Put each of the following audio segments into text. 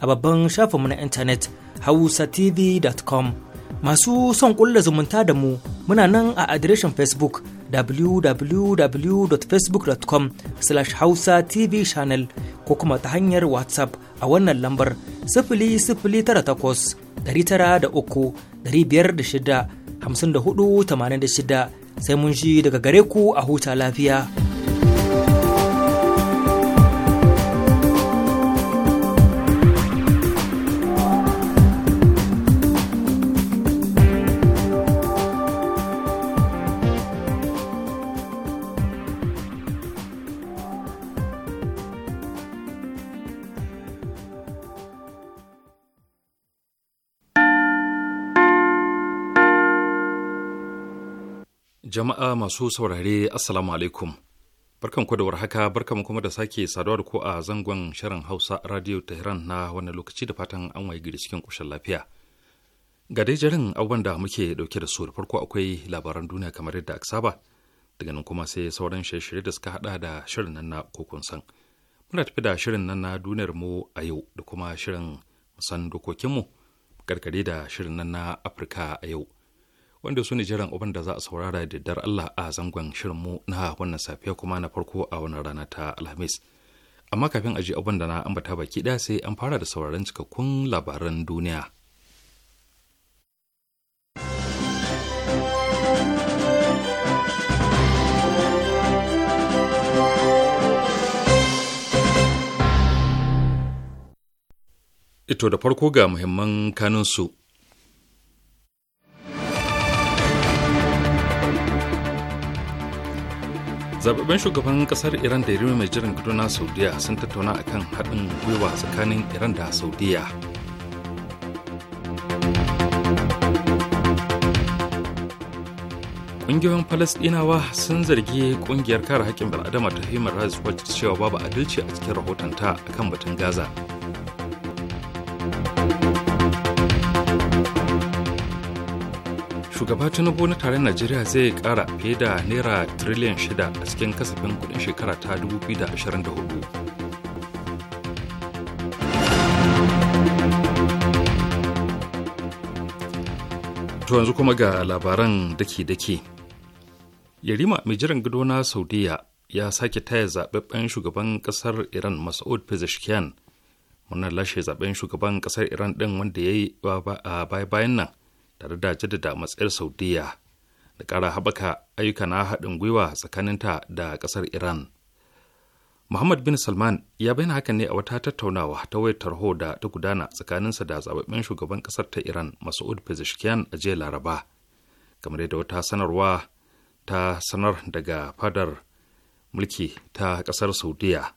a babban shafinmu na intanet hausatv.com masu son kulla zumunta da mu muna nan a adireshin facebook www.facebook.com slash hausa tv channel ko kuma ta hanyar whatsapp a wannan lambar 00983 506 5486 sai mun ji daga gare ku a huta lafiya. Jama'a masu saurare Assalamu alaikum. Barkan ku da warhaka, barkan kuma da sake saduwa da ku a zangon shirin Hausa Radio Tehran na wannan lokaci da fatan an waye gari cikin kushin lafiya. Ga dai jarin abubuwan da muke dauke da su da farko akwai labaran duniya kamar yadda aka saba, daga nan kuma sai sauran shirye-shirye da suka hada da shirin nan na kokon san. Muna tafi da shirin nan na duniyar mu a yau da kuma shirin musan dokokinmu, karkare da shirin nan na Afirka a yau. wanda su ne jiran abin da za a saurara da dar Allah a zangon shirinmu na wannan safiya kuma na farko a wannan rana ta Alhamis. Amma kafin aji abin da na ambata baki ɗaya sai an fara da sauraron cikakkun labaran duniya. Ito da farko ga muhimman kanunsu. zababben shugaban kasar iran da irin mai jiran kaduna saudiya sun tattauna akan haɗin gwiwa tsakanin iran da saudiya ƙungiyoyin falasɗinawa sun zargi ƙungiyar kare haƙƙin bil'adama ta human rights watch cewa babu adalci a cikin rahotonta akan batun gaza shugaba tinubu na taron najeriya zai kara fiye da naira triliyan shida a cikin kasafin kudin shekara ta 2024 to yanzu kuma ga labaran dake-dake yarima mai jiran gado na saudiya ya sake taya zaɓaɓɓen shugaban ƙasar iran mas'ud pezeshkian murnar lashe zaɓen shugaban ƙasar iran ɗin wanda ya yi a baya-bayan nan tare da jaddada matsayar saudiya da ƙara haɓaka ayyuka na haɗin gwiwa tsakaninta da ƙasar iran muhammad bin salman ya bayyana haka ne a wata tattaunawa ta wayar tarho da ta gudana tsakaninsa da zababben shugaban ƙasar ta iran masud pezeshkian a jiya laraba kamar yadda wata sanarwa ta sanar daga fadar mulki ta ƙasar saudiya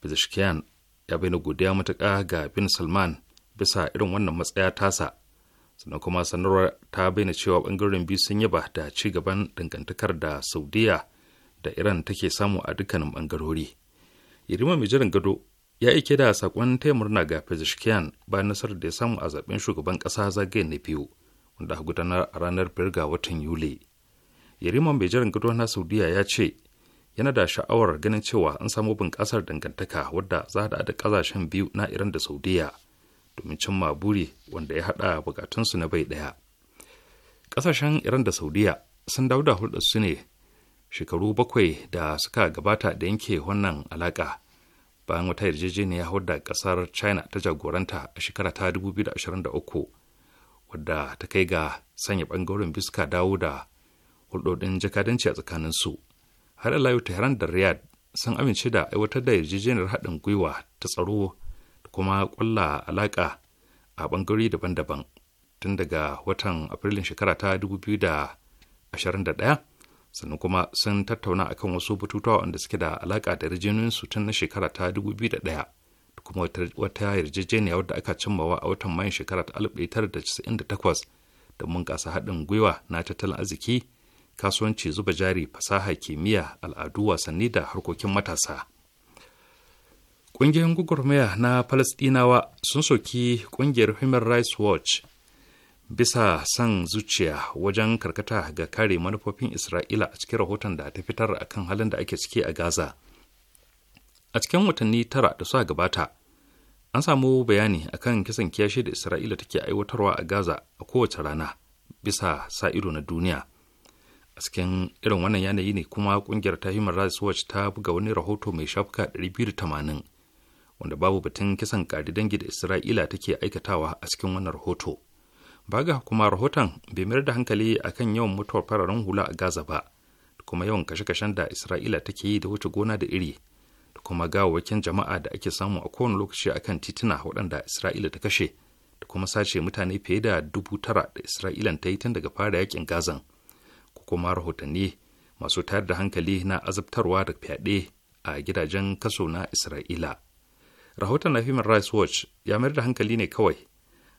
pezeshkian ya bayyana godiya matuƙa ga bin salman bisa irin wannan matsaya tasa sannan kuma sanarwar ta bayyana cewa bangaren biyu sun yaba da ci gaban dangantakar da saudiya da iran take samu a dukkanin bangarori irima mai jiran gado ya aike da sakon taya murna ga fezishkiyan bayan nasar da ya samu a zaben shugaban kasa zagaye na biyu wanda aka gudanar a ranar birga watan yuli yarima mai jiran gado na saudiya ya ce yana da sha'awar ganin cewa an samu bunƙasar dangantaka wadda za da da ƙasashen biyu na iran da saudiya domin cimma buri wanda ya haɗa bukatunsu na bai ɗaya ƙasashen iran da saudiya sun dawo da hulɗarsu ne shekaru bakwai da suka gabata da yanke wannan alaƙa bayan wata yarjejeniya wadda ƙasar china ta jagoranta a shekara ta 2023 wadda ta kai ga sanya ɓangaren biska dawo da hulɗoɗin jakadanci a tsakaninsu har ila yau tehran da riyadh sun amince da aiwatar da yarjejeniyar haɗin gwiwa ta tsaro kuma kwalla alaƙa a bangarori daban-daban tun daga watan Afrilun shekara ta 2021 sannan kuma sun tattauna akan wasu batutuwa wanda suke da alaƙa da rijiyoyinsu tun na shekara ta 2001 da kuma wata yarjejeniya wadda aka cimmawa a watan mayan shekara ta 1998 da kasa haɗin gwiwa na tattalin arziki kasuwanci zuba jari fasaha kimiyya al'adu wasanni da harkokin matasa. Ƙungiyoyin gugurmaya na Falasɗinawa sun soki ƙungiyar Human Rights Watch bisa san zuciya wajen karkata ga kare manufofin Isra'ila a cikin rahoton da ta fitar a kan halin da ake ciki a Gaza. A cikin watanni tara da suka gabata, an samu bayani a kan kisan kiyashe da Isra'ila take aiwatarwa a Gaza a kowace rana bisa sa ido na duniya. a cikin irin wannan yanayi ne kuma ƙungiyar ta human rights ta buga wani rahoto mai shafuka 280 wanda babu batun kisan kari dangi da isra'ila take aikatawa a cikin wannan rahoto baga kuma rahoton bai mayar da hankali akan yawan mutuwar fararen hula a gaza ba da kuma yawan kashe-kashen da isra'ila take yi da wuce gona da iri da kuma gawawwakin jama'a da ake samu a kowane lokaci akan tituna waɗanda isra'ila ta kashe da kuma sace mutane fiye da dubu tara da israila ta yi tun daga fara yakin gazan ko kuma rahotanni masu tayar da hankali na azabtarwa da fyaɗe a gidajen kaso na isra'ila rahoton na human rights watch ya mayar da hankali ne kawai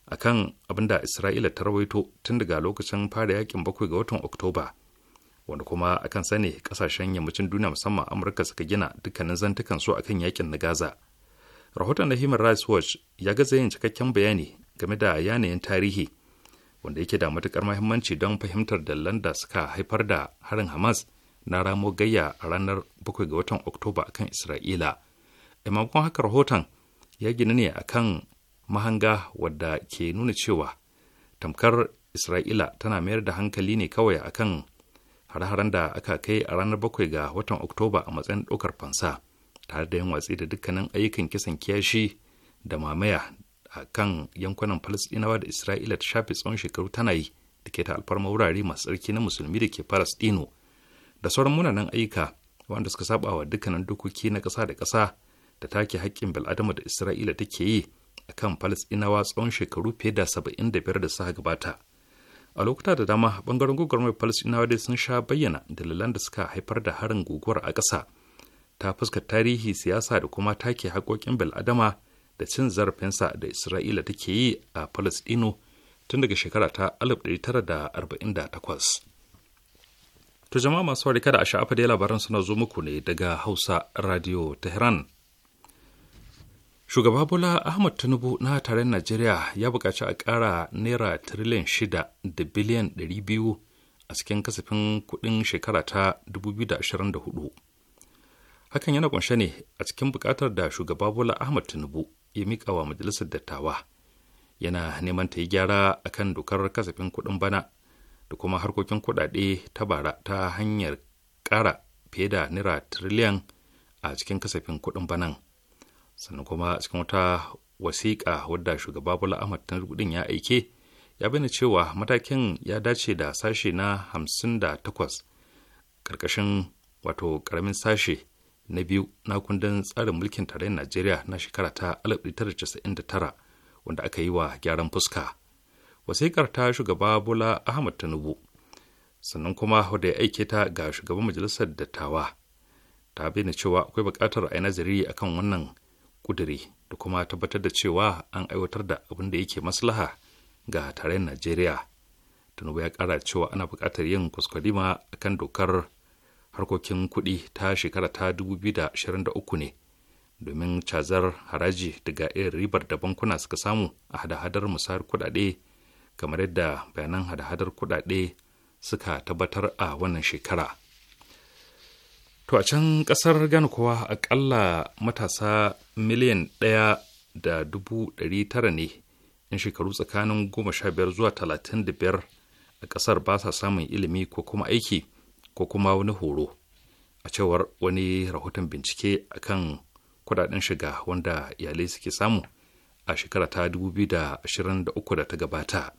akan abin da isra'ila ta rawaito tun daga lokacin fara yakin bakwai ga watan oktoba wanda kuma akan sani kasashen yammacin duniya musamman amurka suka gina dukkanin zantukan su akan yakin na gaza rahoton na human rights watch ya gaza yin cikakken bayani game da yanayin tarihi wanda yake da matukar mahimmanci don fahimtar dallan da suka haifar da harin hamas na ramo gayya a ranar 7 ga watan oktoba akan isra'ila a maimakon haka rahoton ya gina ne a kan mahanga wadda ke nuna cewa tamkar isra'ila tana mayar da hankali ne kawai akan hare-haren da aka kai a ranar bakwai ga watan oktoba a matsayin ɗaukar fansa tare da yin watsi da dukkanin ayyukan kisan kiyashi da mamaya a kan yankunan falasɗinawa da isra'ila ta shafe tsawon shekaru tana yi da ke ta alfarma wurare masu tsarki na musulmi da ke falasɗino da sauran munanan ayyuka wanda suka saba wa dukkanin dokoki na ƙasa da ƙasa da take haƙƙin bil'adama da isra'ila take yi a kan falasɗinawa tsawon shekaru fiye da saba'in da biyar da suka gabata a lokuta da dama bangaren gwagwarmar falasɗinawa dai sun sha bayyana dalilan da suka haifar da harin guguwar a ƙasa ta fuska tarihi siyasa da kuma take haƙoƙin bil'adama da cin zarafinsa da isra'ila take yi a falasɗinu tun daga shekara ta 1948 To jama'a masu warika kada a sha'afa da labaran suna zo muku ne daga Hausa Radio Tehran. shugaba bola ahmad tinubu na taron najeriya ya buƙaci a ƙara naira tiriliyan shida da biliyan ɗari biyu a cikin kasafin kuɗin shekara ta 2024 hakan yana ƙunshe ne a cikin buƙatar da shugaba bola ahmad tinubu ya miƙa wa majalisar dattawa yana neman ta yi gyara a kan dokar kasafin kuɗin bana da kuma harkokin kuɗaɗe ta bara ta hanyar ƙara fiye da naira tiriliyan a cikin kasafin kuɗin banan. sannan kuma cikin wata wasiƙa wadda shugaba bola ahmad tinubu din ya aike ya bayyana cewa matakin ya dace da sashe na 58 karkashin wato karamin sashe na biyu na kundin tsarin mulkin tarayyar najeriya na shekara ta 1999 wanda aka yi wa gyaran fuska wasiƙar ta shugaba bola ahmad tinubu sannan kuma wadda ya aike ta ga shugaban majalisar dattawa ta bayyana cewa akwai buƙatar a yi nazari akan wannan kuduri da kuma tabbatar da cewa an aiwatar da abin da yake maslaha ga tarayyar najeriya tinubu ya kara cewa ana bukatar yin a kan dokar harkokin kuɗi ta shekara ta 2023 ne domin cazar haraji daga irin ribar da bankuna suka samu a hada-hadar musayar kuɗaɗe kamar yadda bayanan hada-hadar kuɗaɗe suka tabbatar a wannan shekara. To a can ƙasar Ghana kuwa akalla matasa miliyan ɗaya da dubu ɗari tara ne in shekaru tsakanin goma sha biyar zuwa talatin da biyar a ƙasar ba sa samun ilimi ko kuma aiki ko kuma wani horo a cewar wani rahoton bincike kan kudaden shiga wanda iyalai suke samu a shekara ta 2023 da da uku ta gabata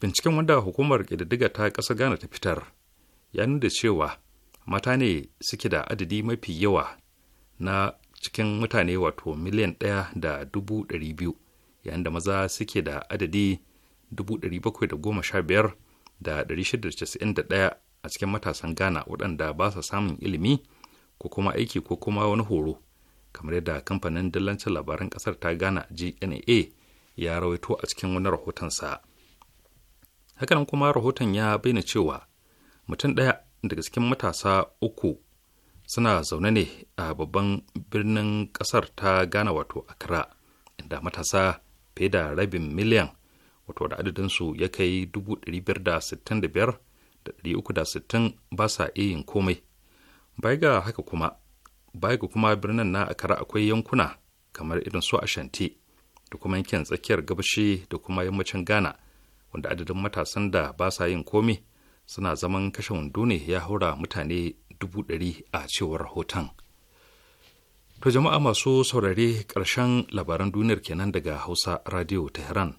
binciken wanda hukumar ƙididdiga ta ƙasa gana ta fitar ya nuna cewa mata ne suke da adadi mafi yawa na cikin mutane wato miliyan ɗaya da dubu ɗari biyu yayin da maza suke da adadi dubu ɗari bakwai da goma sha biyar da ɗari shida da casa'in da ɗaya a cikin matasan ghana waɗanda ba sa samun ilimi ko kuma aiki ko kuma wani horo kamar yadda kamfanin dillancin labaran ƙasar ta ghana gna ya rawaito a cikin wani rahotonsa hakanan kuma rahoton ya bayyana cewa mutum ɗaya daga cikin matasa uku suna zaune ne a babban birnin kasar ta Ghana wato Accra inda matasa fiye da rabin miliyan wato da adadinsu ya kai 565,360 ba sa iya yin komai. Bai ga haka kuma, bai ga kuma birnin na Accra akwai yankuna kamar irin su Ashanti da kuma yankin tsakiyar gabashi da kuma yammacin Ghana wanda adadin matasan da ba sa yin komai suna zaman kashe wando ne ya haura mutane dubu ɗari a cewar rahoton to jama'a masu saurare ƙarshen labaran duniyar kenan daga hausa radio tehran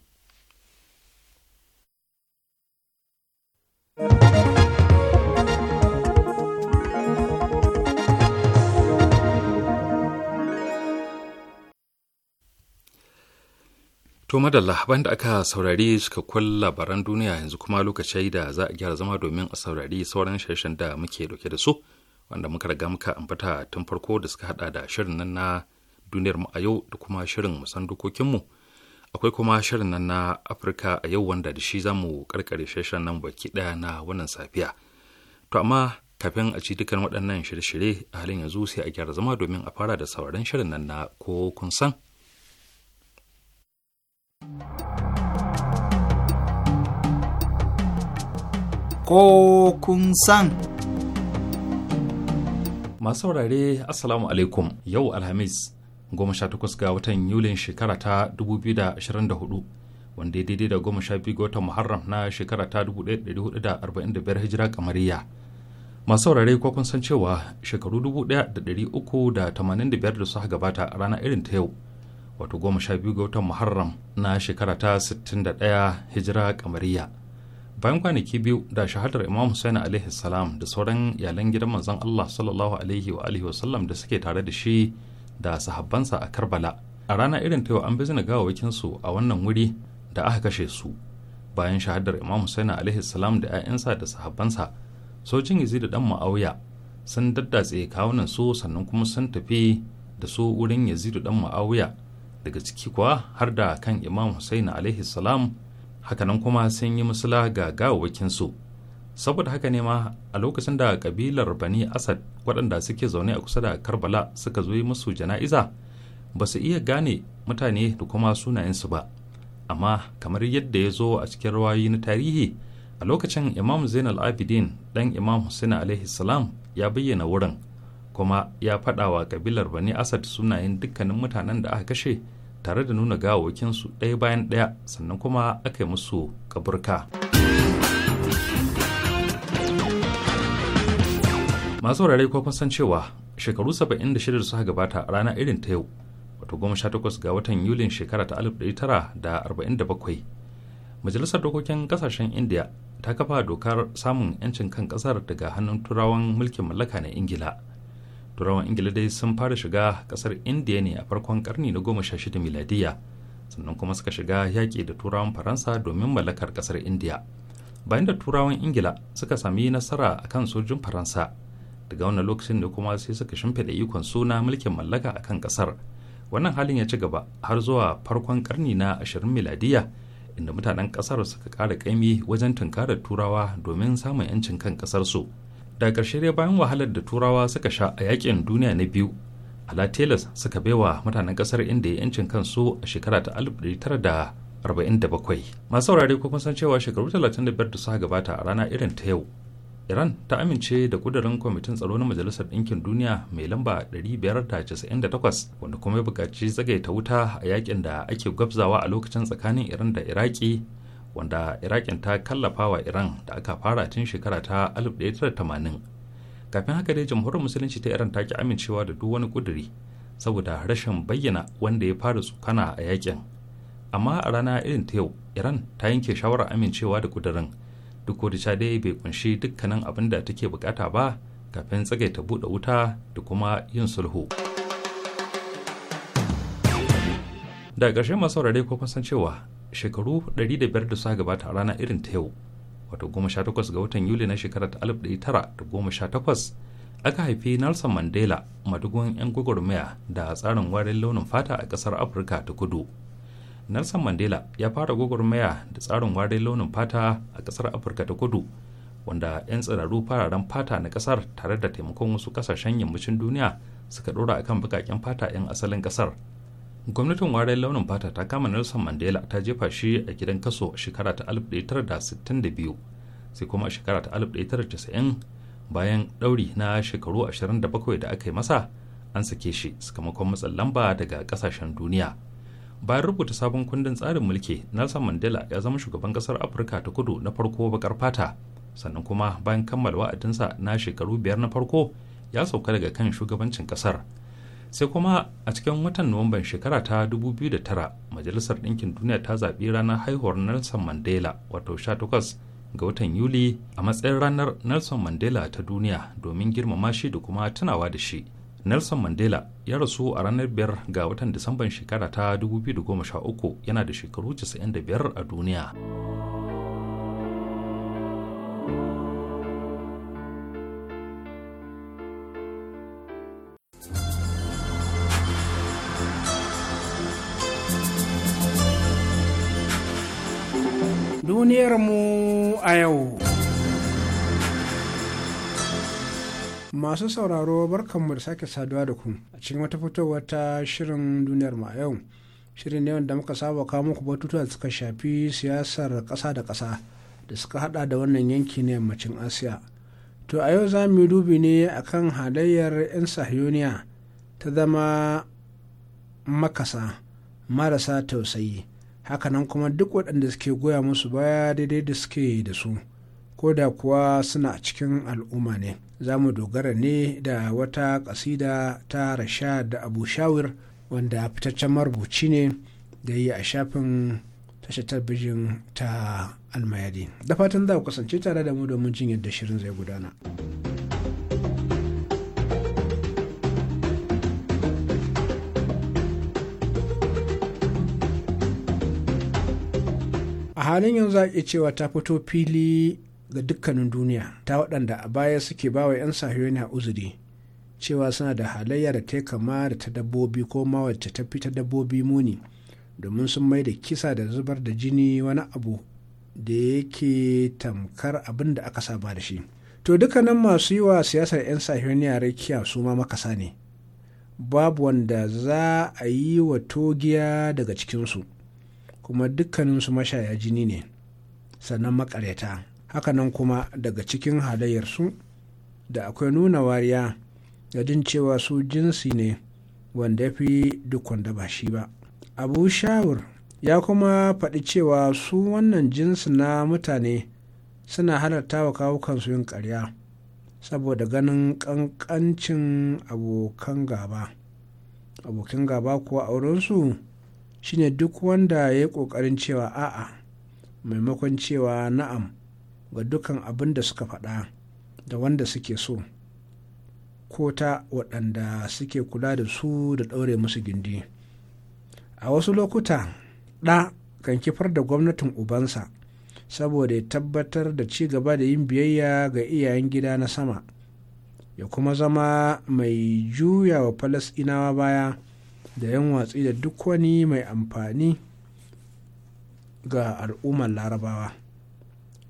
thank you To madalla bayan da aka saurari suka kulla baran duniya yanzu kuma lokaci da za a gyara zama domin a saurari sauran shirshen da muke dauke da su wanda muka riga muka ambata tun farko da suka hada da shirin nan na duniyar mu a yau da kuma shirin musan dokokinmu akwai kuma shirin nan na afirka a yau wanda da shi zamu karkare shirshen nan baki daya na wannan safiya to amma kafin a ci dukkan waɗannan shirye-shirye a halin yanzu sai a gyara zama domin a fara da sauraron shirin nan na ko kun san ko kun san. Masu saurare Assalamu alaikum yau Alhamis goma sha takwas ga watan Yulin shekara ta 2024 wanda ya daidai da goma sha biyu ga watan Muharram na shekara ta 1445 hijira kamariya. Masu saurare ko kun san cewa shekaru 1385 da suka gabata a rana irin ta yau wato goma sha biyu ga watan Muharram na shekara ta 61 hijira kamariya. bayan kwanaki biyu da shahadar imam husaini alaihi salam da sauran iyalan gidan manzon allah sallallahu alaihi wa alihi wasallam da suke tare da shi da sahabbansa a karbala a rana irin ta yau an bizina gawawakin su a wannan wuri da aka kashe su bayan shahadar imam husaini alaihi salam da 'ya'yansa da sahabbansa sojin yazidu da dan ma'auya sun daddatse kawunan su sannan kuma sun tafi da su wurin yazidu da dan ma'auya daga ciki kuwa har da kan imam husaini alaihi salam hakanan kuma sun yi musula ga gawawakinsu saboda haka ne ma a lokacin da kabilar bani asad waɗanda suke zaune a kusa da karbala suka zo musu jana'iza ba su iya gane mutane da kuma sunayensu ba amma kamar yadda ya zo a cikin rawayi na tarihi a lokacin imam zainal abidin ɗan imam hussein alaihi salam ya bayyana wurin kuma ya faɗa kabilar bani asad sunayen dukkanin mutanen da aka kashe tare da nuna gawawakinsu ɗaya bayan ɗaya sannan kuma aka yi musu kaburka masu wurare ko kun san cewa shekaru 76 da suka gabata a rana irin ta yau wato 18 ga watan yulin shekara ta 1947 majalisar dokokin kasashen indiya ta kafa dokar samun 'yancin kan kasar daga hannun turawan mulkin mallaka na ingila turawan ingila dai sun fara shiga kasar indiya ne a farkon karni na goma sha shida miladiya sannan kuma suka shiga yaƙi da turawan faransa domin mallakar kasar indiya bayan da turawan ingila suka sami nasara akan sojin faransa daga wannan lokacin da kuma sai suka shimfiɗa ikon suna mulkin mallaka a kan kasar wannan halin ya ci gaba har zuwa farkon karni na ashirin miladiya inda mutanen kasar suka ƙara kaimi wajen tunkarar turawa domin samun 'yancin kan kasarsu su da ƙarshe dai bayan wahalar da turawa suka sha a yakin duniya na biyu ala telas suka baiwa mutanen ƙasar inda ya yancin kansu a shekara ta 1947 masu saurare kuma san cewa shekaru 35 da suka gabata a rana irin ta yau iran ta amince da kudurin kwamitin tsaro na majalisar ɗinkin duniya mai lamba 598 wanda kuma ya buƙaci zagaita wuta a yakin da ake gwabzawa a lokacin tsakanin iran da iraki wanda iraƙin ta kallafa wa iran da aka fara tun shekara ta 1980 kafin haka dai jamhuriyar musulunci ta iran ta ki amincewa da duk wani ƙuduri saboda rashin bayyana wanda ya fara tsukana a yakin amma a rana irin ta yau iran ta yanke shawarar amincewa da kudurin duk da dai bai kunshi dukkanin abin da take bukata ba kafin tsagaita buɗe wuta da kuma yin sulhu. daga ƙarshe masu saurare ko san cewa shekaru 105 da suka gabata a rana irin ta yau wato 18 ga watan yuli na shekarar 1918 aka haifi nelson mandela madugun 'yan gwagwarmaya da tsarin warin launin fata a ƙasar afirka ta kudu nelson mandela ya fara gwagwarmaya da tsarin warin launin fata a ƙasar afirka ta kudu wanda 'yan tsiraru fararen fata na ƙasar tare da taimakon wasu ƙasashen yammacin duniya suka ɗora akan bukaƙen fata 'yan asalin ƙasar gwamnatin wariyar launin fata ta kama nelson mandela ta jefa shi a gidan kaso a shekara ta 1962 sai kuma a shekara ta 1990 bayan ɗauri na shekaru 27 da aka yi masa an sake shi sakamakon matsin lamba daga kasashen duniya bayan rubuta sabon kundin tsarin mulki nelson mandela ya zama shugaban kasar afirka ta kudu na farko bakar fata sannan kuma bayan kammala wa'adinsa na shekaru biyar na farko ya sauka daga kan shugabancin kasar sai kuma a cikin watan nuwamban shekara ta 2009 majalisar ɗinkin duniya ta zaɓi ranar haihuwar nelson mandela wato 18 ga watan yuli a matsayin ranar nelson mandela ta duniya domin girmama shi da kuma tunawa da shi nelson mandela ya rasu a ranar biyar ga watan disamban shekara ta 2013 yana da shekaru 95 a duniya. Duniyarmu a yau. Masu sauraro barkanmu da sake saduwa da ku a cikin wata fitowa ta shirin duniyar mu a yau. Shirin ne wanda muka saba kawo muku batutuwa da suka shafi siyasar ƙasa da ƙasa da suka hada da wannan yanki na yammacin Asiya. To a yau za mu dubi ne akan halayyar 'yan sahiyoniya ta zama makasa marasa tausayi hakanan kuma duk waɗanda suke goya musu baya daidai da suke da su ko da kuwa suna cikin al'umma ne za mu dogara ne da wata ƙasida ta rasha da abu shawir wanda fitaccen marubuci ne da yi a shafin tashar talbijin ta almayadi da fatan za ku kasance tare da mu domin jin yadda shirin zai gudana. a halin yanzu a iya cewa ta fito fili ga dukkanin duniya ta waɗanda a baya suke bawa 'yan sahiyoniya uzuri cewa suna da halayya da ta kama da ta dabbobi ko ma wacce ta fi ta dabbobi muni domin sun mai da kisa da zubar da jini wani abu da yake tamkar abin da aka saba da shi to dukkanin masu yi wa siyasar 'yan sahiyoniya rakiya su ma makasa ne babu wanda za a yi wa togiya daga cikinsu kuma dukkaninsu mashaya jini ne sannan maƙaryata hakanan kuma daga cikin halayyarsu da akwai nuna wariya da jin cewa su jinsi ne wanda ya fi duk wanda ba shi ba abu shawur ya kuma faɗi cewa su wannan jinsi na mutane suna halarta wa kawukansu yin karya saboda ganin ƙanƙancin abokan gaba abokin gaba kuwa aurensu shine duk wanda ya yi ƙoƙarin cewa a'a maimakon cewa na'am ga dukan abin da suka faɗa da wanda suke so ko ta waɗanda suke kula da su da ɗaure musu gindi a wasu lokuta ɗa kan kifar da gwamnatin ubansa saboda ya tabbatar da ci gaba da yin biyayya ga iyayen gida na sama ya kuma zama mai juya wa falasɗinawa baya da yan watsi da duk wani mai amfani ga al'ummar larabawa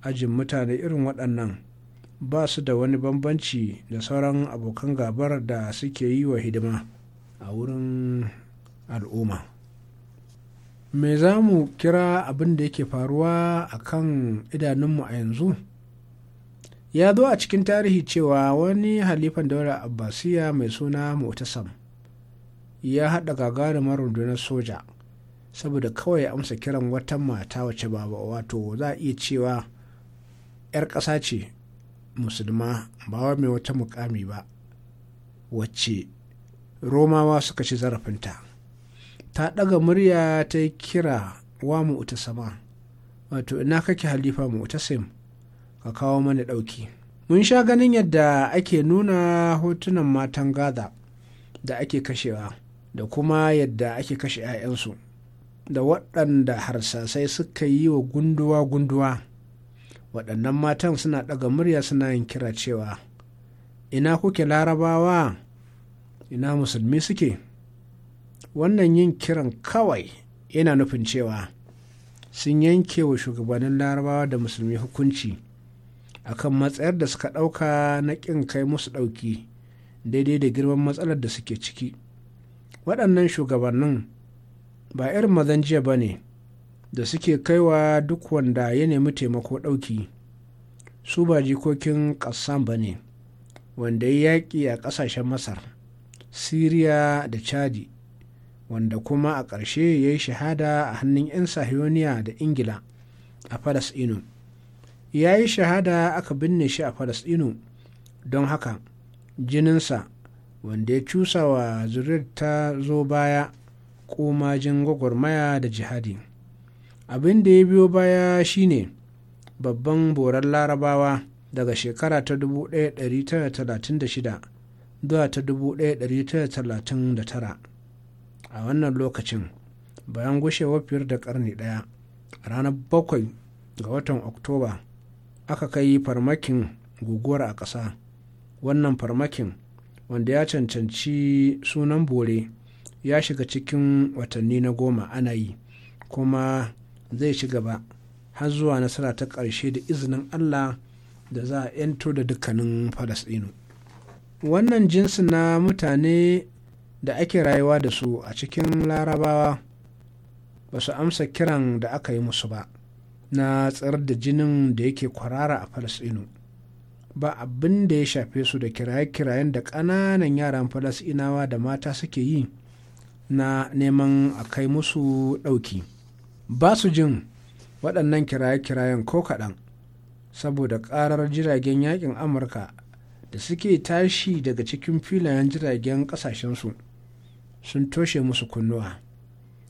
ajin mutane irin waɗannan ba su da wani bambanci da sauran abokan gabar da suke yi wa hidima a wurin al'umma me za mu kira abin da yake faruwa a kan idanunmu a yanzu ya zo a cikin tarihi cewa wani halifan daular abbasiya mai suna mutasam ya haɗa gagarumar rundunar soja saboda kawai amsa kiran wata mata wace ba wato za a iya cewa 'yar ƙasa ce musulma ba wa mai wata mukami ba wacce romawa suka ci zarafinta ta ɗaga murya ta yi kira wa sama wato ina kake halifa sim ka kawo mana ɗauki mun sha ganin yadda ake nuna hotunan matan gaza da ake kashewa da kuma yadda ake kashe 'ya'yansu da waɗanda harsasai suka yi wa gunduwa-gunduwa waɗannan matan suna ɗaga murya suna yin kira cewa ina kuke larabawa ina musulmi suke wannan yin kiran kawai yana nufin cewa sun yanke wa shugabannin larabawa da musulmi hukunci akan matsayar da suka ɗauka na ƙin kai musu ɗauki daidai da girman matsalar da suke ciki waɗannan shugabannin ba irin mazan jiya ba ne da suke kaiwa duk wanda ya nemi taimako ɗauki su ba jikokin ƙasam ba ne wanda ya yaƙi a ƙasashen masar siriya da chadi wanda kuma a ƙarshe ya yi shahada a hannun 'yan sahiyoniya da ingila a falasɗinu ya yi shahada aka binne shi a falasɗinu don haka jininsa wanda ya cusa wa zuriyar ta zo baya komajin gwagwarmaya da jihadi abin da ya biyo baya shine babban boran larabawa daga shekara ta 1936 zuwa ta 1939 a wannan lokacin bayan gushewar fiyar da karni daya ranar bakwai ga watan oktoba aka kai farmakin guguwar a ƙasa wannan farmakin wanda ya cancanci sunan bore ya shiga cikin watanni na goma ana yi kuma zai ci gaba har zuwa nasara ta ƙarshe da izinin allah da za a 'yanto da dukkanin falasɗinu wannan jinsi na mutane da ake rayuwa da su a cikin larabawa ba su amsa kiran da aka yi musu ba na tsar da jinin da yake kwarara a falasɗinu ba abin da ya shafe su da kiraye-kirayen da ƙananan yaran falasinawa da mata suke yi na neman a kai musu ɗauki ba su jin waɗannan kiraye-kirayen ko kaɗan saboda ƙarar jiragen yakin amurka da suke tashi daga cikin filayen jiragen ƙasashensu sun toshe musu kunnuwa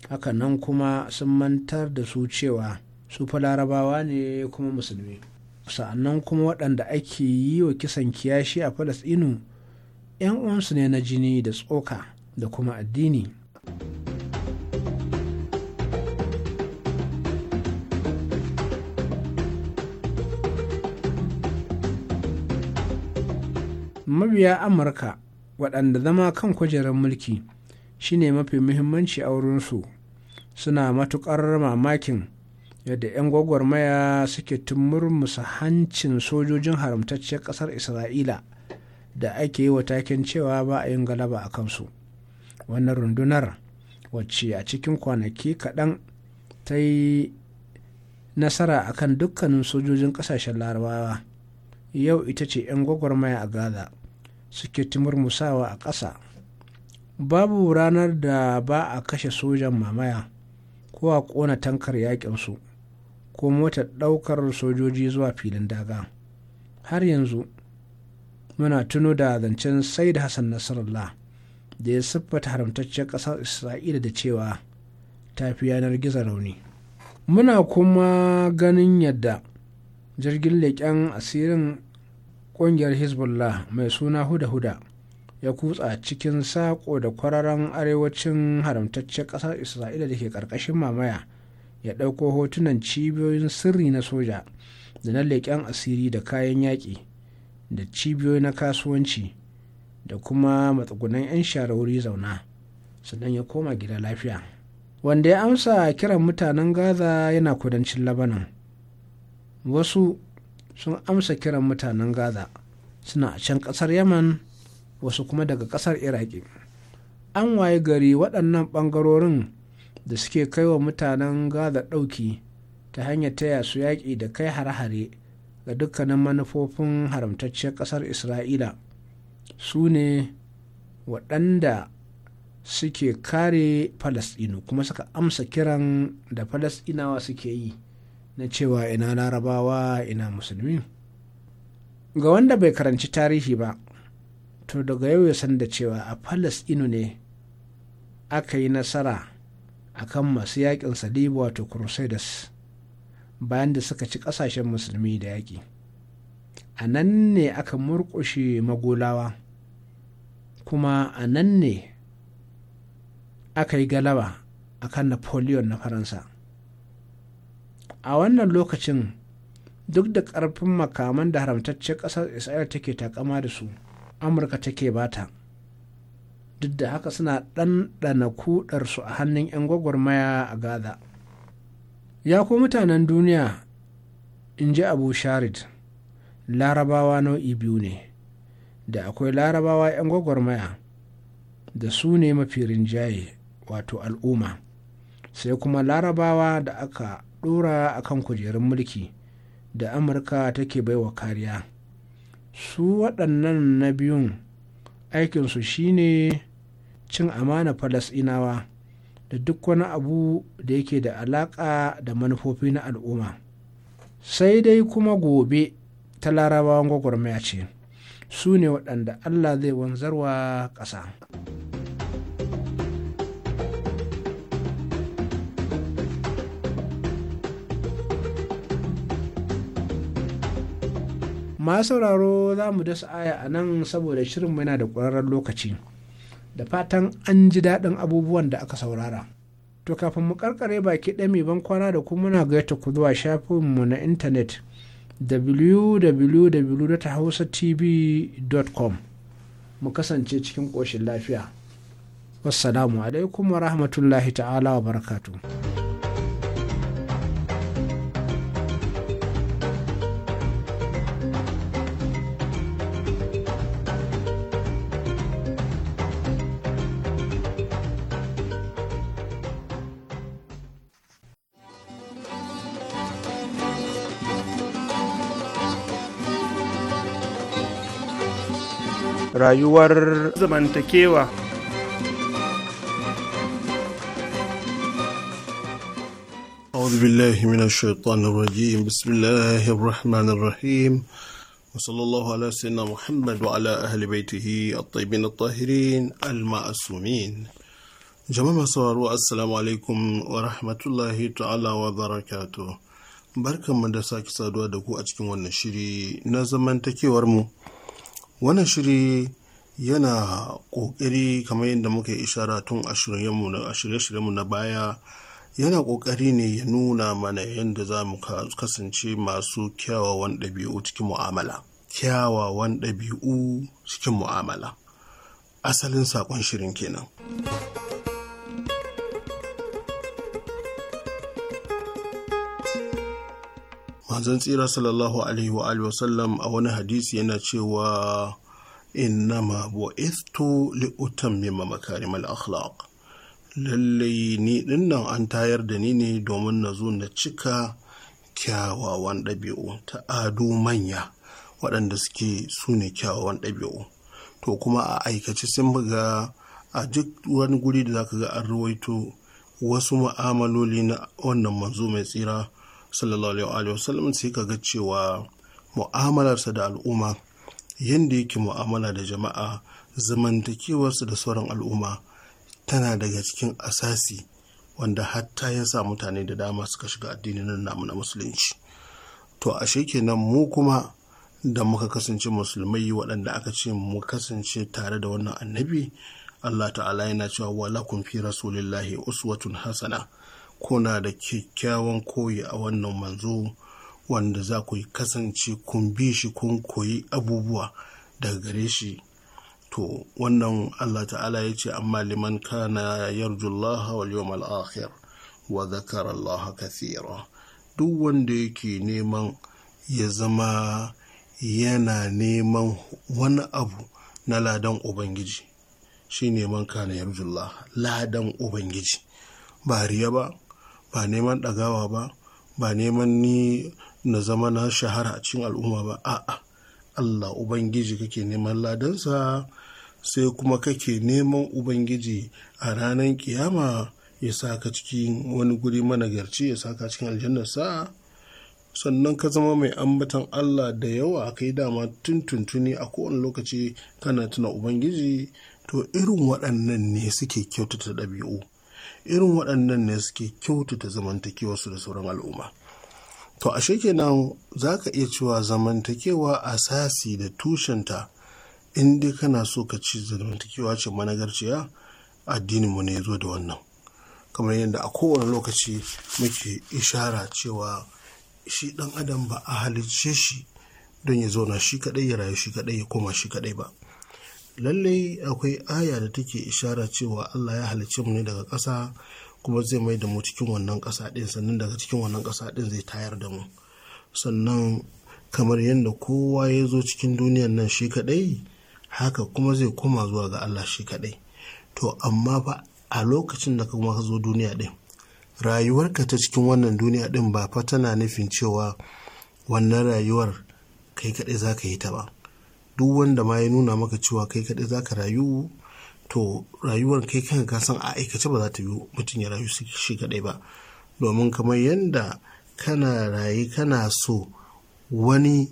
hakanan kuma sun mantar da su cewa su falarabawa ne kuma musulmi sa'annan kuma waɗanda ake yi wa kisan kiyashi a falasɗinu 'yan uwansu ne na jini da tsoka da kuma addini mabiya amurka waɗanda zama kan kujerar mulki shine mafi muhimmanci a wurinsu suna matuƙar mamakin yadda 'yan gwagwarmaya suke tumurmusa hancin sojojin haramtacciyar ƙasar isra'ila da ake yi wa taken cewa ba a yin galaba a kansu wannan rundunar wacce a cikin kwanaki kaɗan ta yi nasara a kan dukkanin sojojin ƙasashen larabawa yau ita ce 'yan gwagwarmaya a gaza suke tumurmusawa a ƙasa babu ranar da ba a kashe sojan mamaya ko a ƙona tankar yaƙinsu ko motar ɗaukar sojoji zuwa filin daga har yanzu muna tuno da zancen sai da hassan nasarallah da ya siffata haramtacciyar ƙasar isra'ila da cewa ta fi yanar gizo rauni muna kuma ganin yadda jirgin leƙen asirin ƙungiyar hezbollah mai suna huda-huda ya kutsa cikin saƙo da kwararan arewacin haramtacciyar ƙasar isra'ila da ke ƙarƙashin mamaya ya ɗauko hotunan cibiyoyin sirri na soja da na leƙen asiri da kayan yaƙi da cibiyoyi na kasuwanci da kuma matsugunan 'yan shawarwari zauna sannan ya koma gida lafiya wanda ya amsa kiran mutanen gaza yana kudancin labanan wasu sun amsa kiran mutanen gaza suna a can ƙasar yaman wasu kuma daga ƙasar iraki an waye gari waɗannan ɓangarorin da suke kai wa mutanen gaza ɗauki ta hanyar taya su yaƙi da kai hare-hare ga dukkanin manufofin haramtacciyar ƙasar isra'ila su ne waɗanda suke kare falasɗinu kuma suka amsa kiran da falasɗinawa suke yi na cewa ina larabawa ina musulmi ga wanda bai karanci tarihi ba to daga yau ya san da cewa a falasɗinu ne aka yi nasara a kan masu yakin salibu wato crusaders bayan da suka ci kasashen musulmi da yaƙi a nan ne aka murƙushe magolawa kuma a nan ne aka yi galaba a kan napoleon na faransa a wannan lokacin duk da ƙarfin makaman da haramtaccen ƙasar isra'il take takama da su amurka take bata duk da haka suna ɗanɗana kuɗarsu a hannun 'yan gwagwarmaya a gaza ya ku mutanen duniya in ji abu sharid larabawa nau'i biyu ne da akwai larabawa 'yan gwagwarmaya da su ne mafi rinjaye wato al'umma sai kuma larabawa da aka ɗora a kan kujerun mulki da amurka take baiwa kariya su waɗannan na biyun aikinsu shine cin amana falasɗinawa da duk wani abu da yake da alaƙa da manufofi na al'umma sai dai kuma gobe ta larabawan gwagwarmaya ce su ne waɗanda allah zai wanzarwa ƙasa Masu sauraro za mu dasa aya a nan saboda shirin yana da ƙwararren lokaci da fatan an ji daɗin abubuwan da aka saurara to kafin mu karkare baki ɗaya mai ban kwana da kuma muna gayyata ku zuwa shafinmu na intanet www.hausatv.com mu kasance cikin ƙoshin lafiya wassalamu alaikum wa rahmatullahi ta'ala wa barakatuh rayuwar zamantakewa أعوذ بالله من الشيطان الرجيم بسم الله الرحمن الرحيم وصلى الله على سيدنا محمد وعلى أهل بيته الطيبين الطاهرين المعصومين jama'a sauraro assalamu alaikum wa rahmatullahi ta'ala wa barakatu barkanmu da sake saduwa da ku a cikin wannan shiri na zamantakewar mu wannan shiri yana ƙoƙari kamar yadda muka ishara tun a shirye-shiryenmu na baya yana ƙoƙari ne ya nuna mana yadda za mu kasance masu kyawawan ɗabi'u cikin mu'amala kyawawan ɗabi'u cikin mu'amala asalin saƙon shirin kenan. manzon tsira sallallahu alaihi wa alihi wasallam a wani hadisi yana cewa innama istu li utammima makarimal akhlaq lallai ni dinnan an tayar da ni ne domin na zo na cika kyawawan ɗabi'u ta ado manya waɗanda suke su ne kyawawan ɗabi'u to kuma a aikace sun buga a duk wani guri da zaka ga an ruwaito wasu ma'amaloli na wannan manzo mai tsira sallallahu alaihi wasallam sai ka ga cewa mu'amalarsa da al'umma yadda yake mu'amala da jama'a zamantakewarsa da sauran al'umma tana daga cikin asasi wanda hatta ya sa mutane da dama suka shiga addinin nan namu na musulunci to ashe kenan mu kuma da muka kasance musulmai waɗanda aka ce mu kasance tare da wannan annabi Allah ta'ala yana cewa walakum fi rasulillahi uswatun hasana kuna da kyakkyawan koyi a wannan manzo wanda za ku kasance kun bi shi kun koyi abubuwa daga gare shi to wannan Allah ta'ala ya ce amma liman kana yarjullah wal al akhir wa zakara Allah kathira duk wanda yake neman ya zama yana neman wani abu na ladan ubangiji shi neman kana yarjullah ladan ubangiji ba riya ba ba neman ɗagawa ba ba neman ni na zama na shahara a cikin al'umma ba a'a Allah Ubangiji kake neman ladansa sai kuma kake neman Ubangiji a ranar kiyama ya saka cikin wani guri managarci ya saka cikin sa sannan ka zama mai ambatan Allah da yawa ka yi dama tun tuntuni a kowane lokaci kana tuna Ubangiji to irin waɗannan ne suke kyautata ɗabi'u irin waɗannan ne suke kyautata su da sauran al'umma to a kenan za ka iya cewa zamantakewa asasi da tushenta inda kana so ka ci zamantakewa ce managarciya addininmu ne zo da wannan kamar yadda a kowane lokaci muke ishara cewa shi ɗan adam ba a halicce shi don ya zauna shi kaɗai ya rayu shi kaɗai ya koma shi kaɗai ba lallai akwai aya da take ishara cewa Allah ya halicce mu ne daga ƙasa kuma zai mai da mu cikin wannan ƙasa ɗin sannan daga cikin wannan ƙasa ɗin zai tayar da mu sannan kamar yadda kowa ya zo cikin duniyan nan shi kaɗai haka kuma zai koma zuwa ga Allah shi kaɗai to amma fa a lokacin da kuma ka zo duniya ɗin rayuwarka ta cikin wannan duniya ɗin ba fa tana nufin cewa wannan rayuwar kai kaɗai za ka yi ta ba duk wanda ma ya nuna maka cewa kai kaɗai za ka rayu to rayuwar kai kan ka san a aikace ba za ta yi mutum ya rayu shi kaɗai ba domin kamar yadda kana rayu kana so wani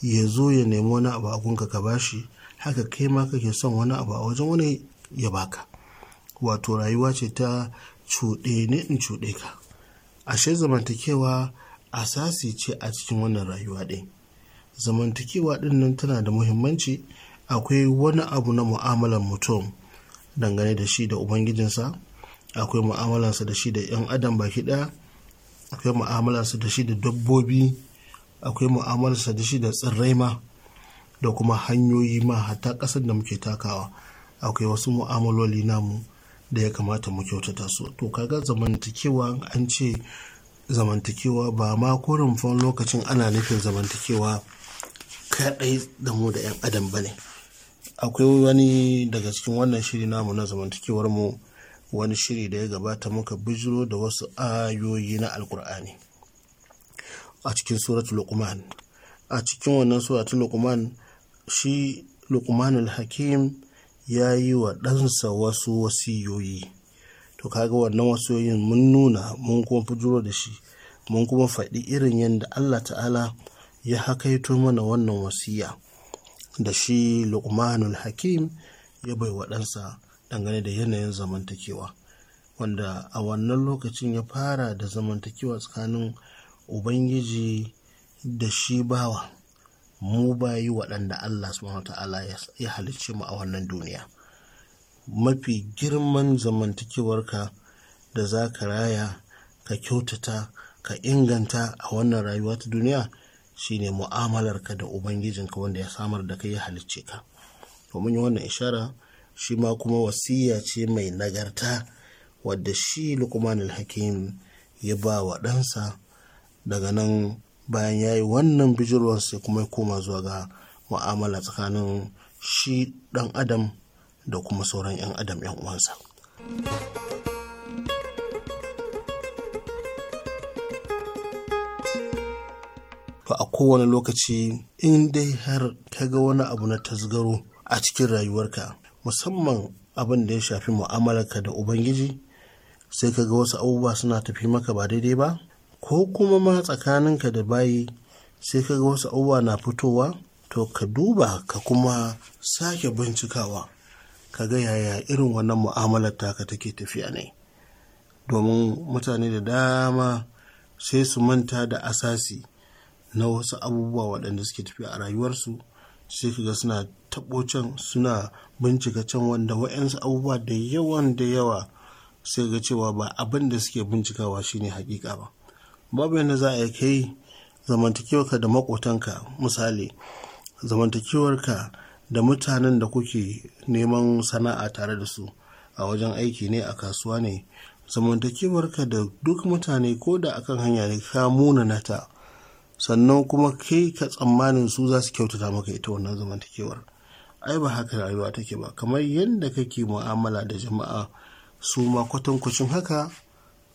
ya zo ya nemi wani abu a gunka ka bashi haka kai ma kake son wani abu a wajen wani ya baka wato rayuwa ce ta cuɗe ne in cuɗe ka ashe zamantakewa asasi ce a cikin wannan rayuwa ɗin zamantakewa ɗin nan tana da muhimmanci akwai wani abu na mu'amalar mutum dangane da shi da ubangijinsa akwai mu'amalarsa da shi da 'yan adam baki ɗaya akwai mu'amalarsa da shi da dabbobi akwai mu'amalarsa da shi da tsirrai ma da kuma hanyoyi ma hatta ƙasar da muke takawa akwai wasu mu'amaloli namu da ya kamata mu kyautata su to kaga zamantakewa an ce zamantakewa ba ma kurin lokacin ana nufin zamantakewa kaɗai da mu da 'yan adam ba ne akwai wani daga cikin wannan shiri namu na zamantakewar mu wani shiri da ya gabata muka bijiro da wasu ayoyi na alkur'ani a cikin suratul luqman a cikin wannan suratul luqman shi luqmanul hakim ya yi wa ɗansa wasu wasiyoyi to kaga wannan wasiyoyin mun nuna mun kuma bijiro da shi mun kuma faɗi irin yadda allah ta'ala ya hakaito mana wannan wasiya da shi luqmanul hakim ya bai waɗansa dangane da yanayin zamantakewa wanda a wannan lokacin ya fara da zamantakewa tsakanin ubangiji da shi bawa mu bayi waɗanda allah subhanahu ta'ala ya halicce mu a wannan duniya mafi girman zamantakewarka da za ka raya ka kyautata ka inganta a wannan rayuwa ta duniya shine ka da ubangijinka wanda ya samar da kai ya halicce ka domin wannan ishara shi ma kuma wasiya ce mai nagarta wadda shi lukmanul hakim ya ba wa ɗansa daga nan bayan ya yi wannan bijirwar sai kuma ya koma zuwa ga mu'amala tsakanin shi ɗan adam da kuma sauran 'yan adam 'yan uwansa. fa a kowane lokaci in dai har ka ga wani abu na tasgaro a cikin rayuwarka musamman abin da ya shafi mu'amalarka da ubangiji sai ka ga wasu abubuwa suna tafi maka ba daidai ba ko kuma ma tsakaninka da bayi sai ka ga wasu abubuwa na fitowa to ka duba ka kuma sake bincikawa ka ga yaya irin wannan mu'amalar taka take tafiya ne domin mutane da dama sai su manta da asasi na wasu abubuwa waɗanda suke tafiya a rayuwarsu sai kaga suna taɓo can suna bincika can wanda wa'yansu abubuwa da yawan da yawa sai ga cewa ba abin da suke bincikawa shine hakika ba babu yadda za a yi kai zamantakewarka da makotanka misali zamantakewarka da mutanen da kuke neman sana'a tare da su a wajen aiki ne a kasuwa ne zamantakewarka da duk mutane ko da akan hanya ne ka ta. sannan kuma kai ka tsammanin su za su kyautata maka ita wannan zamantakewar ai ba haka rayuwa take ba kamar yadda kake mu'amala da jama'a su ma kwatankwacin haka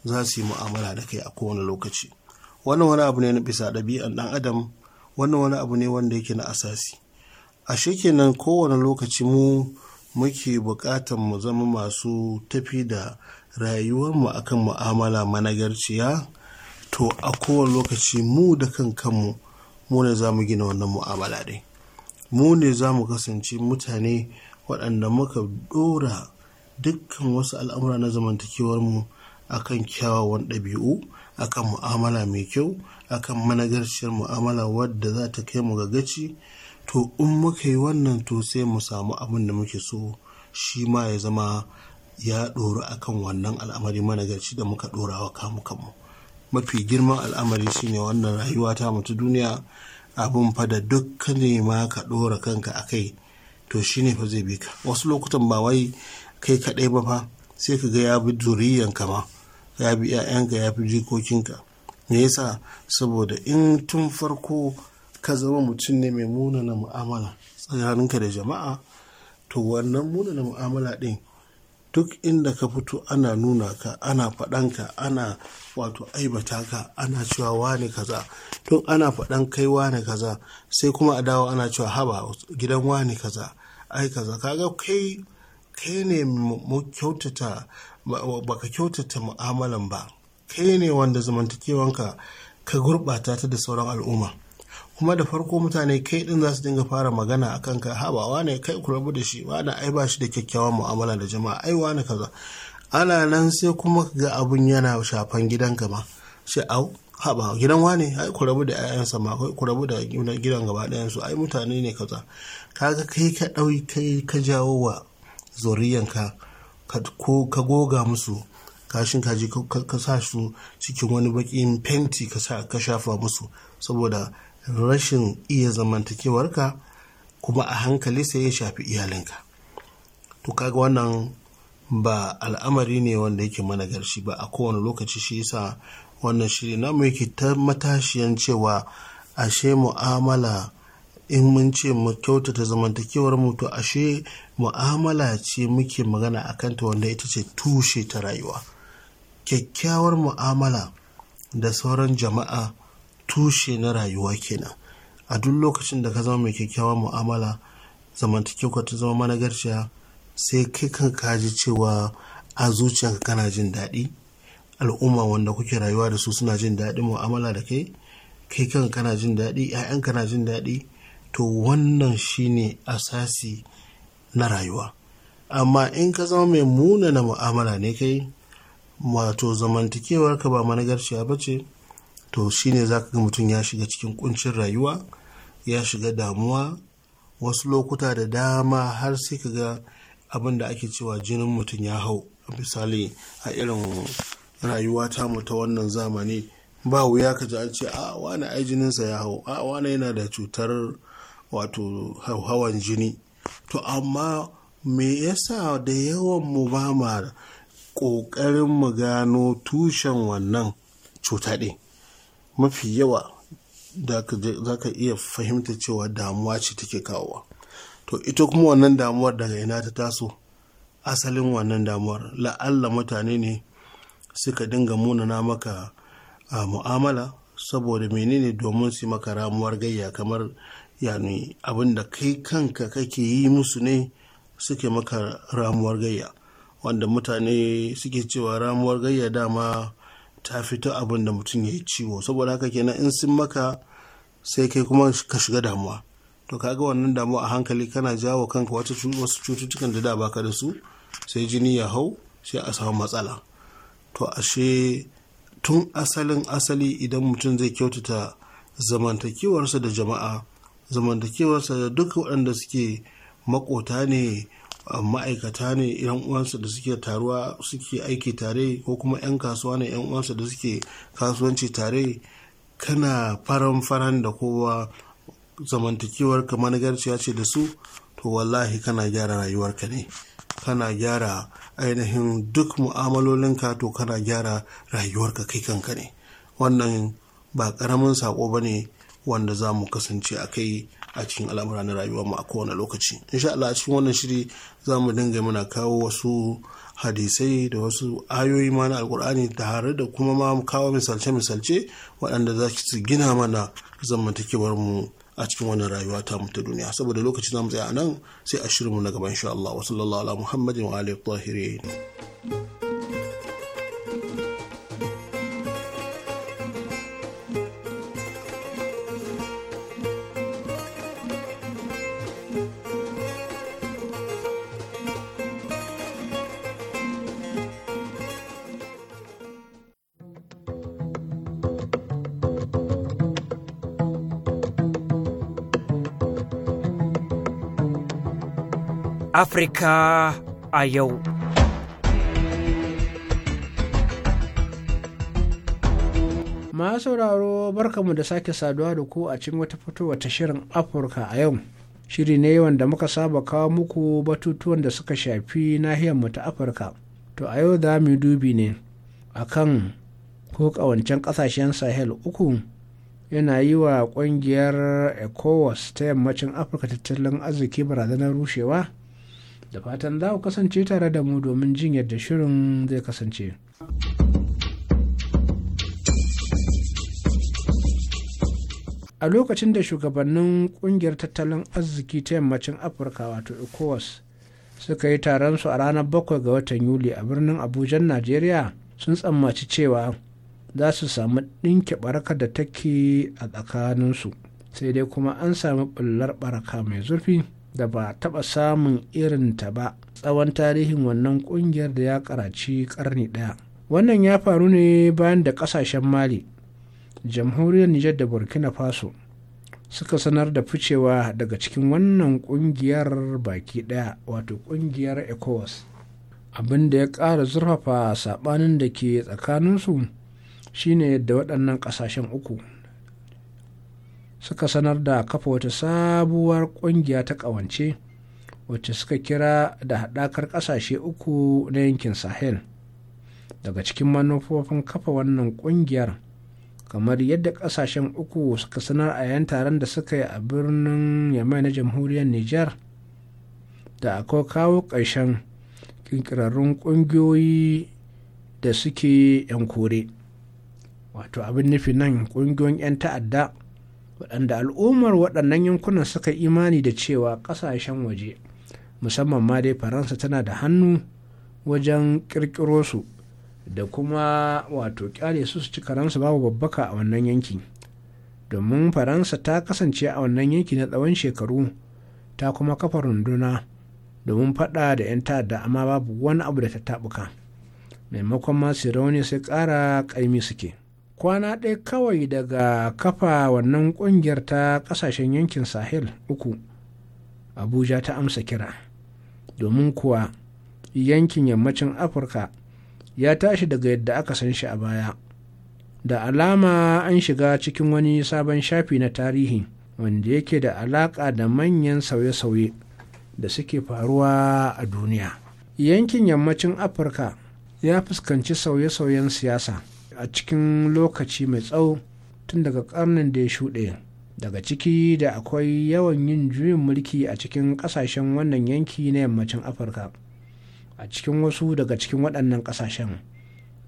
za su yi mu'amala da kai a kowane lokaci wannan wani abu ne na bisa ɗabi'an ɗan adam wannan wani abu ne wanda yake na asasi ashe kenan kowane lokaci mu muke buƙatar mu zama masu tafi da rayuwarmu akan mu'amala managarciya to a kowane lokaci mu da kan kanmu mu ne za mu gina wannan mu'amala dai. mu ne za mu kasance mutane waɗanda muka ɗora dukkan wasu al'amura na zamantakewarmu kan kyawawan ɗabi'u kan mu'amala mai kyau a kan managarciyar mu'amala wadda za ta kai mu ga to in muka yi wannan to sai mu samu abin da muke so shi ma ya zama ya ɗoru kan wannan al'amari managarci da muka ɗora wa kamu kanmu. mafi girman al'amari shine wannan rayuwa ta mutu duniya abin fa da duk ne ma ka ɗora kanka a kai to shine fa zai bi ka wasu lokutan ba wai kai kaɗai ba fa sai ka ga ya bi zuriyanka ma ya bi 'ya'yanka ya fi jikokinka me yasa saboda in tun farko ka zama mutum ne mai munana mu'amala tsakaninka da jama'a to wannan munana mu'amala ɗin duk inda ka fito ana nuna ka ana faɗanka ana wato aibata ka ana cewa wane kaza tun ana faɗan kai wane kaza sai kuma a dawo ana cewa haba gidan wane kaza ai kaza kaga kai kai ne mu kyautata baka kyautata mu'amalan ba kai ne wanda zamantakewanka ka gurɓata ta da sauran al'umma kuma da farko mutane kai din za su dinga fara magana a kanka habawa ne kai ku rabu da shi wani ai ba shi da kyakkyawan mu'amala da jama'a ai wani kaza ana nan sai kuma ga abun yana shafan gidan ma sai au haba gidan wane ai ku rabu da 'ya'yansa ma ku rabu da gidan gaba ɗayan su ai mutane ne kaza kaga kai ka ɗauki kai ka jawo wa zuriyanka ko ka goga musu kashin kaji ka sa su cikin wani baƙin fenti ka ka shafa musu saboda rashin iya zamantakewarka kuma a hankali sai ya shafi iyalinka to kaga wannan ba al'amari ne wanda yake mana garshi ba a kowane lokaci shi yasa wannan shiri namu yake ta matashiyan cewa ashe mu'amala in mun ce mu kyautata zamantakewar mu to ashe mu'amala ce muke magana a kanta wanda ita ce tushe ta rayuwa kyakkyawar mu'amala da sauran jama'a tushe na rayuwa kenan a duk lokacin da ka zama mai kyakkyawa mu'amala zamantakewa ta zama managarciya sai kai kan kaji cewa a zuciyarka kana jin daɗi al'umma wanda kuke rayuwa da su suna jin daɗin mu'amala da kai kai kan kana jin daɗi 'ya'yan kana jin daɗi to wannan shine asasi na rayuwa amma in ka zama mai munana mu'amala ne kai wato zamantakewar ka ba managarciya ba ce to shine za ka ga mutum ya shiga cikin kuncin rayuwa ya shiga damuwa wasu lokuta da dama har sai ka ga abin da ake cewa jinin mutum ya hau misali a irin rayuwa ta ta wannan zamani ba wuya ka ji an ce a wani ai jininsa ya hau a wani yana da cutar wato hawan jini to amma me yasa da yawan mu ba ma ƙoƙarin mu gano tushen wannan cuta ɗin mafi yawa za ka iya fahimta cewa damuwa ce take kawowa to ita kuma wannan damuwar daga ina ta taso asalin wannan damuwar la'alla mutane ne suka dinga munana maka a ah, mu'amala saboda menene domin su maka ramuwar gayya kamar yani abin da kai kanka kake yi musu ne suke maka ramuwar gayya wanda mutane suke cewa ramuwar gayya dama ta fito abin da mutum ya yi ciwo saboda haka kenan in sun maka sai kai kuma ka shiga damuwa to kaga wannan damuwa a hankali kana jawo kanka wata wasu cututtukan da da baka da su sai jini ya hau sai a samu matsala to ashe tun asalin asali idan mutum zai kyautata zamantakewarsa da jama'a zamantakewarsa da duk waɗanda suke makota ne ma'aikata ne yan uwansa da suke taruwa suke aiki tare ko kuma yan kasuwa ne yan uwansa da suke kasuwanci tare kana faran faran da kowa zamantakewar ka managarciya ce da su to wallahi kana gyara rayuwarka ne kana gyara ainihin duk mu'amalolinka to kana gyara rayuwarka kai kanka ne wannan ba karamin sako ba ne wanda za mu kasance a kai a cikin al'amura na rayuwar mu a kowane lokaci insha a cikin wannan shiri za mu dinga muna kawo wasu hadisai da wasu ayoyi ma na alkur'ani tare da kuma ma mu kawo misalce-misalce waɗanda za su gina mana zamantakewar mu a cikin wannan rayuwa ta mu ta duniya saboda lokaci za mu tsaya a nan sai a shirinmu na gaba insha Allah wa sallallahu ala muhammadin wa alihi tahirin Afirka a yau. Ma sauraro barkamu da sake saduwa da ku a cikin wata fitowa ta shirin Afirka a yau. Shiri ne da muka saba kawo muku batutuwan da suka shafi nahiyar mu ta Afirka. To a yau za mu dubi ne a kan ko ƙawancen ƙasashen Sahel uku yana yi wa ƙungiyar ECOWAS ta yammacin Afirka tattalin arziki barazanar rushewa. da fatan za ku kasance tare da mu domin jin yadda shirin zai kasance. a lokacin da shugabannin kungiyar tattalin arziki ta yammacin afirka wato ecowas suka yi taron su a ranar 7 ga watan yuli a birnin abuja najeriya sun tsammaci cewa za su samu ɗinke baraka da take a tsakaninsu sai dai kuma an sami ɓullar ɓaraka mai zurfi da ba taɓa samun irin ta ba tsawon tarihin wannan ƙungiyar da ya karaci karni ɗaya wannan ya faru ne bayan da ƙasashen mali jamhuriyar nijar da burkina faso suka sanar da ficewa daga cikin wannan ƙungiyar baki ɗaya wato ƙungiyar ecowas abin da ya ƙara zurfafa saɓanin da ke tsakaninsu shine yadda waɗannan ƙasashen uku suka sanar da kafa wata sabuwar kungiya ta ƙawance wacce suka kira da haɗakar ƙasashe uku na yankin sahel daga cikin manufofin kafa wannan ƙungiyar kamar yadda ƙasashen uku suka sanar a yan taron da suka yi a birnin yamai na jamhuriyar niger da akwai kawo ƙarshen ƙirƙirarrun ƙungiyoyi da suke yan kore wato abin nufi nan ƙungiyoyin 'yan ta'adda waɗanda al'ummar waɗannan yankunan suka imani da cewa ƙasashen waje musamman ma dai faransa tana da hannu wajen ƙirƙiro su da kuma wato ƙyale su su ci karansu babu babbaka a wannan yanki domin faransa ta kasance a wannan yanki na tsawon shekaru ta kuma kafa runduna domin faɗa da 'yan ta'adda amma babu wani abu da ta taɓuka maimakon ma rauni sai ƙara ƙaimi suke kwana ɗaya kawai daga kafa wannan ƙungiyar ta ƙasashen yankin sahel uku abuja ta amsa kira domin kuwa yankin yammacin afirka ya tashi daga yadda aka san shi a baya da alama an shiga cikin wani sabon shafi na tarihi wanda yake da alaƙa da manyan sauye-sauye da suke faruwa a duniya yankin yammacin afirka ya fuskanci sauye-sauyen siyasa a cikin lokaci mai tsawo tun daga karnin da ya shuɗe daga ciki da akwai yawan yin juyin mulki a cikin ƙasashen wannan yanki na yammacin afirka a cikin wasu daga cikin waɗannan ƙasashen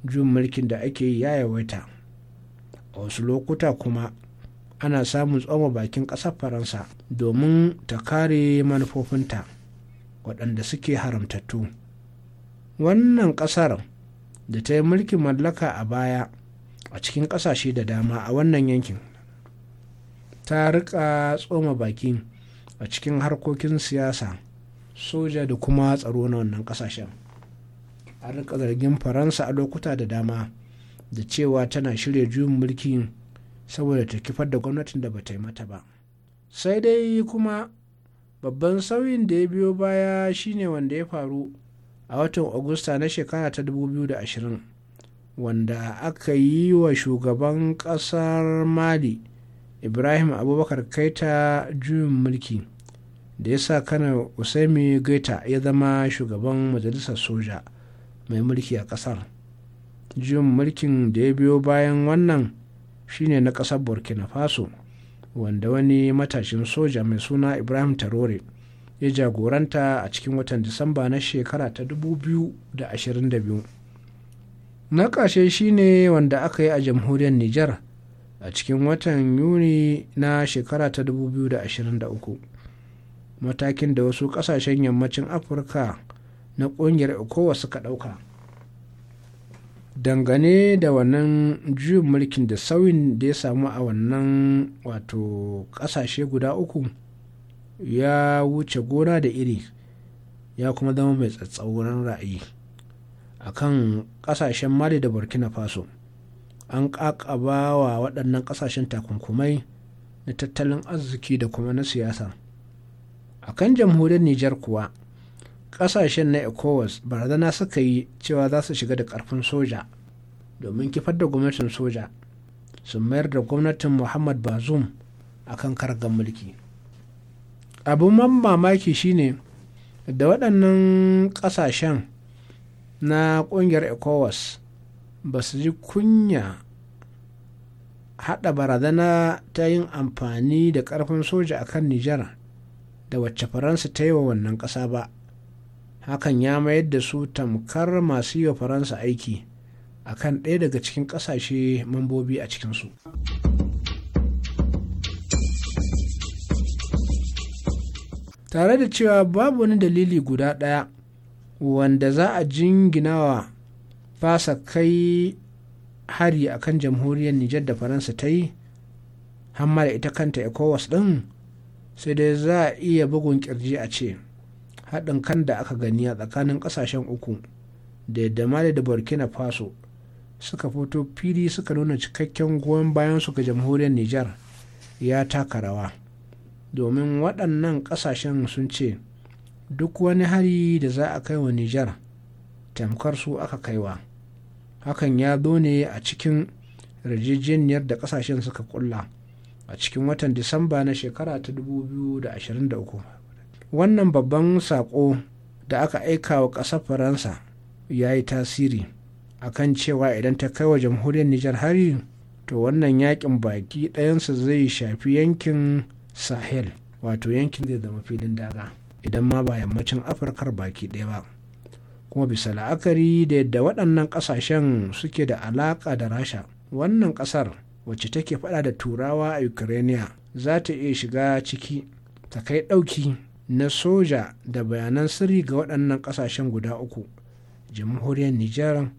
juyin mulkin da ake yi ya yawaita a wasu lokuta kuma ana samun tsoma bakin ƙasar faransa domin ta kare manufofinta waɗanda suke haramtattu wannan ƙasar da ta yi mulkin mallaka a baya a cikin ƙasashe da dama a wannan yankin ta rika tsoma baki a cikin harkokin siyasa soja da kuma tsaro na wannan ƙasashen a rika zargin faransa a lokuta da dama da cewa tana shirya juyin mulki saboda ta kifar da gwamnatin da bata yi mata ba sai dai kuma babban sauyin da ya biyo baya shine wanda ya faru a watan agusta na shekara ta 2020 wanda aka yi wa shugaban kasar mali ibrahim abubakar kaita juyin mulki da ya sa kanar usaimi gaita ya zama shugaban majalisar soja mai mulki a kasar juyin mulkin da ya biyo bayan wannan shine na kasar burkina faso wanda wani matashin soja mai suna ibrahim tarore ya jagoranta a cikin watan disamba na shekara ta 2022 na kashe shi ne wanda aka yi a jamhuriyar Nijar a cikin watan yuni na shekara ta 2023 matakin da wasu ƙasashen yammacin afirka na ƙungiyar ecowas suka ɗauka dangane da wannan juyin mulkin da sauyin da ya samu a wannan wato ƙasashe guda uku ya wuce gona da iri ya kuma zama mai tsatsauran ra'ayi a kan ƙasashen mali da burkina faso an ƙaƙaba wa waɗannan ƙasashen takunkumai na tattalin arziki da kuma na siyasa a kan jamhuriyar nijar kuwa ƙasashen na ecowas barazana suka yi cewa za su shiga da ƙarfin soja domin kifar da gwamnatin soja sun mayar da gwamnatin muhammad bazoum a kan kargan mulki abin mamaki shine da waɗannan ƙasashen na ƙungiyar ecowas ba su ji kunya haɗa barazana ta yin amfani da ƙarfin soja a kan nijar da wacce faransa ta yi wa wannan ƙasa ba hakan ya mayar da su tamkar masu yi wa faransa aiki a kan ɗaya daga cikin ƙasashe mambobi a cikinsu. tare da cewa babu wani dalili guda ɗaya wanda za a jinginawa fasa kai hari a kan jamhuriyar nijar da faransa ta yi hamma da ita kanta ecowas ɗin sai dai za a iya bugun kirji a ce haɗin kan da aka gani a tsakanin ƙasashen uku da yadda mali da burkina faso suka fito fili suka nuna cikakken goyon bayan su ga jamhuriyar nijar ya taka rawa domin waɗannan ƙasashen sun ce duk wani hari da za a kai wa nijar tamkar su aka kaiwa hakan ya zo ne a cikin yarjejeniyar da ƙasashen suka kulla a cikin watan disamba na shekara ta 2023 wannan babban saƙo da aka aika wa ƙasar faransa ya yi tasiri a kan cewa idan ta kai wa jamhuriyar nijar hari to wannan yakin baki ɗayansa zai shafi yankin sahel wato yankin zai zama filin daga idan ma ba yammacin afirkar baki ɗaya ba kuma bisa la'akari da yadda waɗannan ƙasashen suke da alaƙa da rasha wannan ƙasar wacce take faɗa da turawa a ukraine za ta iya shiga ciki ta kai ɗauki na soja da bayanan sirri ga waɗannan ƙasashen guda uku jamhuriyar nijar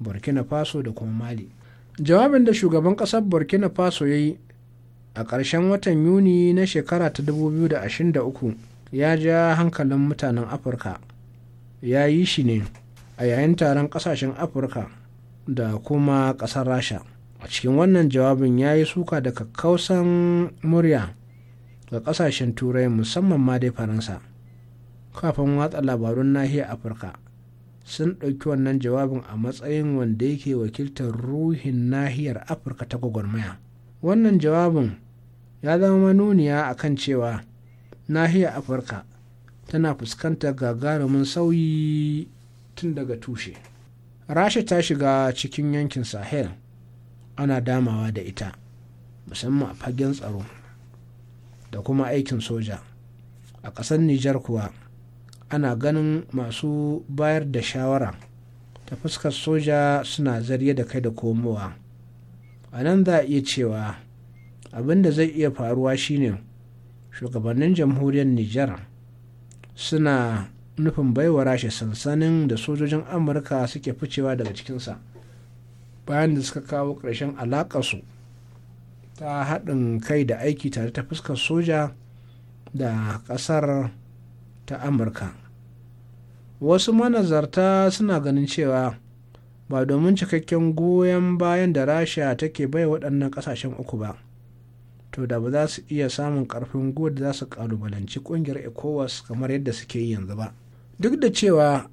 burkina faso da kuma mali jawabin da shugaban ƙasar burkina faso ya yi a ƙarshen watan yuni na shekara ta 2023 ya ja hankalin mutanen afirka ya yi shi ne a yayin taron ƙasashen afirka da kuma ƙasar rasha a cikin wannan jawabin ya yi suka da kakkausan murya ga ƙasashen turai musamman ma dai faransa kafin watsa labarun nahiyar afirka sun ɗauki wannan jawabin a matsayin wanda yake wakiltar ruhin nahiyar afirka ta gwagwarmaya wannan jawabin ya zama manuniya a kan cewa nahiyar afirka tana fuskantar gagarumin sauyi tun daga tushe rasha ta shiga cikin yankin sahel ana damawa da ita musamman a fagen tsaro da kuma aikin soja a ƙasar nijar kuwa ana ganin masu bayar da shawara ta fuskar soja suna zarye da kai da komowa a nan za a iya cewa abin da zai iya faruwa shine shugabannin jamhuriyar nijar suna nufin baiwa rasha sansanin da sojojin amurka suke ficewa daga cikinsa bayan da suka kawo ƙarshen alaƙarsu ta haɗin kai da aiki tare ta fuskar soja da ƙasar ta amurka wasu manazarta suna ganin cewa ba domin cikakken goyon bayan da rasha take bai waɗannan ƙasashen uku ba to da ba za su iya samun ƙarfin gwiwa da za su ƙalubalanci ƙungiyar ecowas kamar yadda suke yi yanzu ba duk da cewa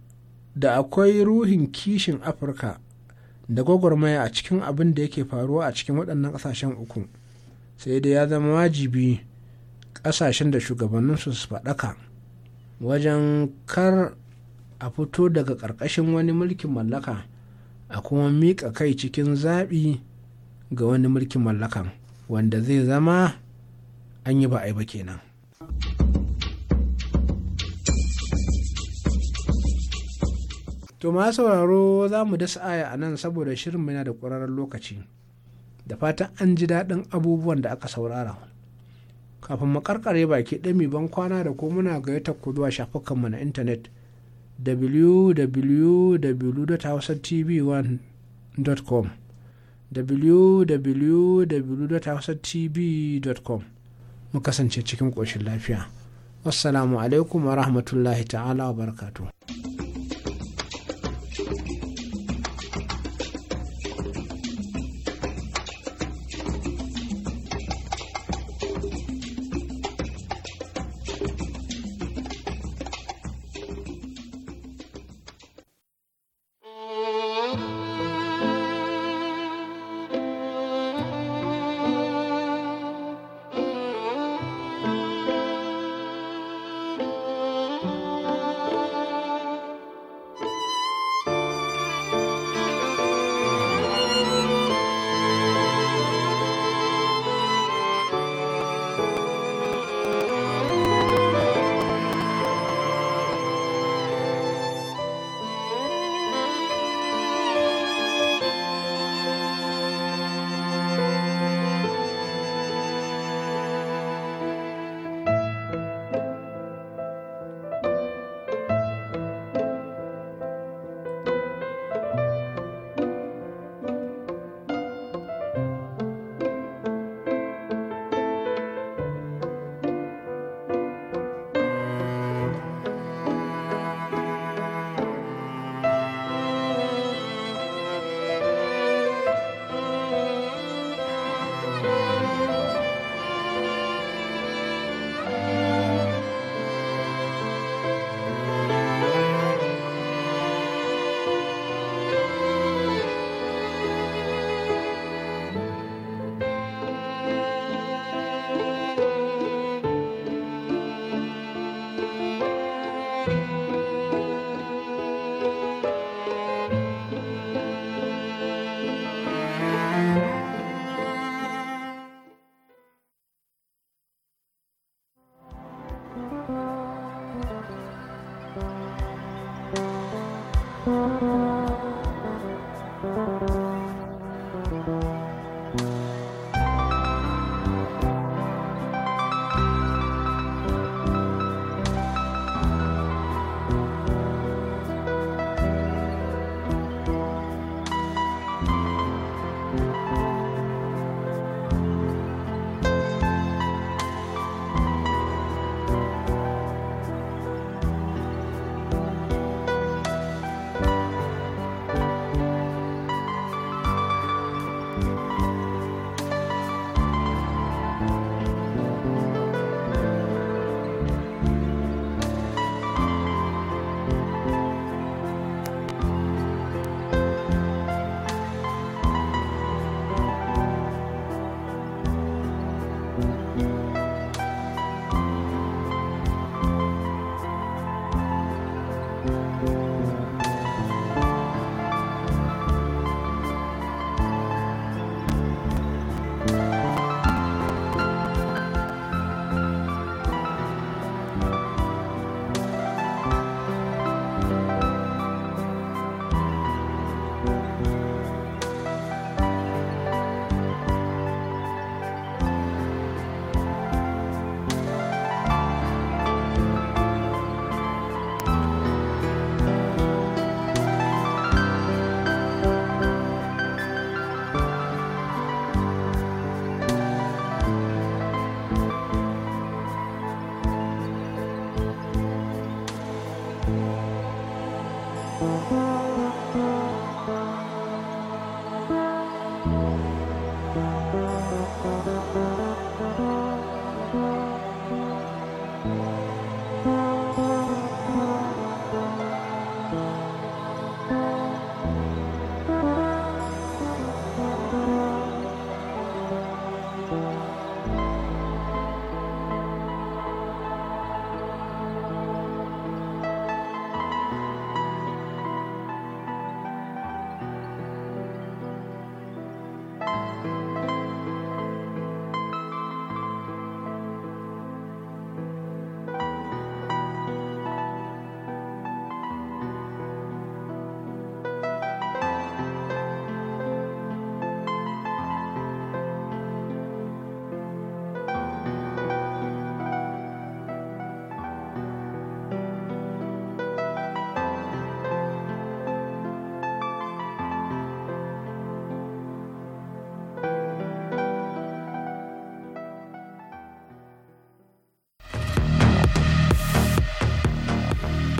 da akwai ruhin kishin afirka da gwagwarmaya a cikin abin da yake faruwa a cikin waɗannan ƙasashen uku sai dai ya zama wajibi ƙasashen da shugabannin su su faɗaka wajen kar a fito daga ƙarƙashin wani mulkin mallaka a kuma miƙa kai cikin zaɓi ga wani mulkin mallakan wanda zai zama an yi ba a yi ba kenan. To ma sauraro za mu dasa aya a nan saboda shirin yana da ƙwararren lokaci. Da fatan an ji daɗin abubuwan da aka saurara. Kafin mu karkare baki ɗami ban kwana da ko muna gayyata ya zuwa shafukanmu na intanet www.hausatv1.com www.hausatv.com mu kasance cikin ƙoshin lafiya wassalamu alaikum wa rahmatullahi ta'ala wa barakatuh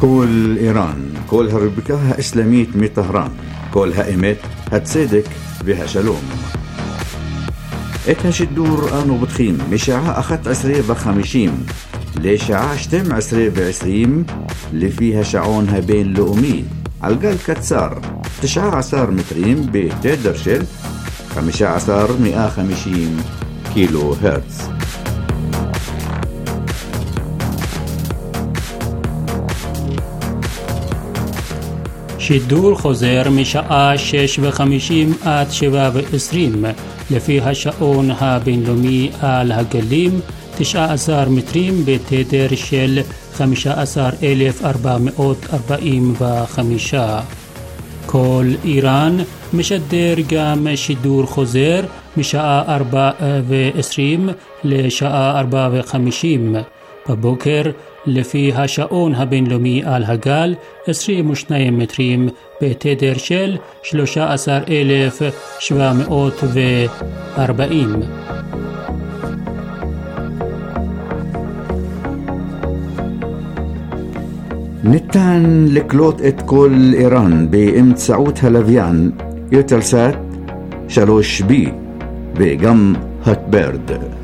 كل إيران كلها ربكاها إسلاميت مي طهران كلها إيمت هتصدق بها شلوم إتهش الدور آنو بتخيم مشاعة أخت عسرية بخمشيم لشاعة اشتم عسري بعسريم اللي فيها شعونها بين لؤمي عالقال كتسار تشعة عصار مترين بتدرشل خمشة عصار مئة خمشين كيلو هرتز שידור חוזר משעה 6 ו עד 7 ו לפי השעון הבינלאומי על הגלים 19 מטרים בתדר של 15,445. כל איראן משדר גם שידור חוזר משעה 4 ו לשעה 4 בבוקר לפי השעון הבינלאומי על הגל 22 מטרים בתדר של 13,740. ניתן לקלוט את כל איראן באמצעות הלוויין יוטלסאט 3B וגם הטברד.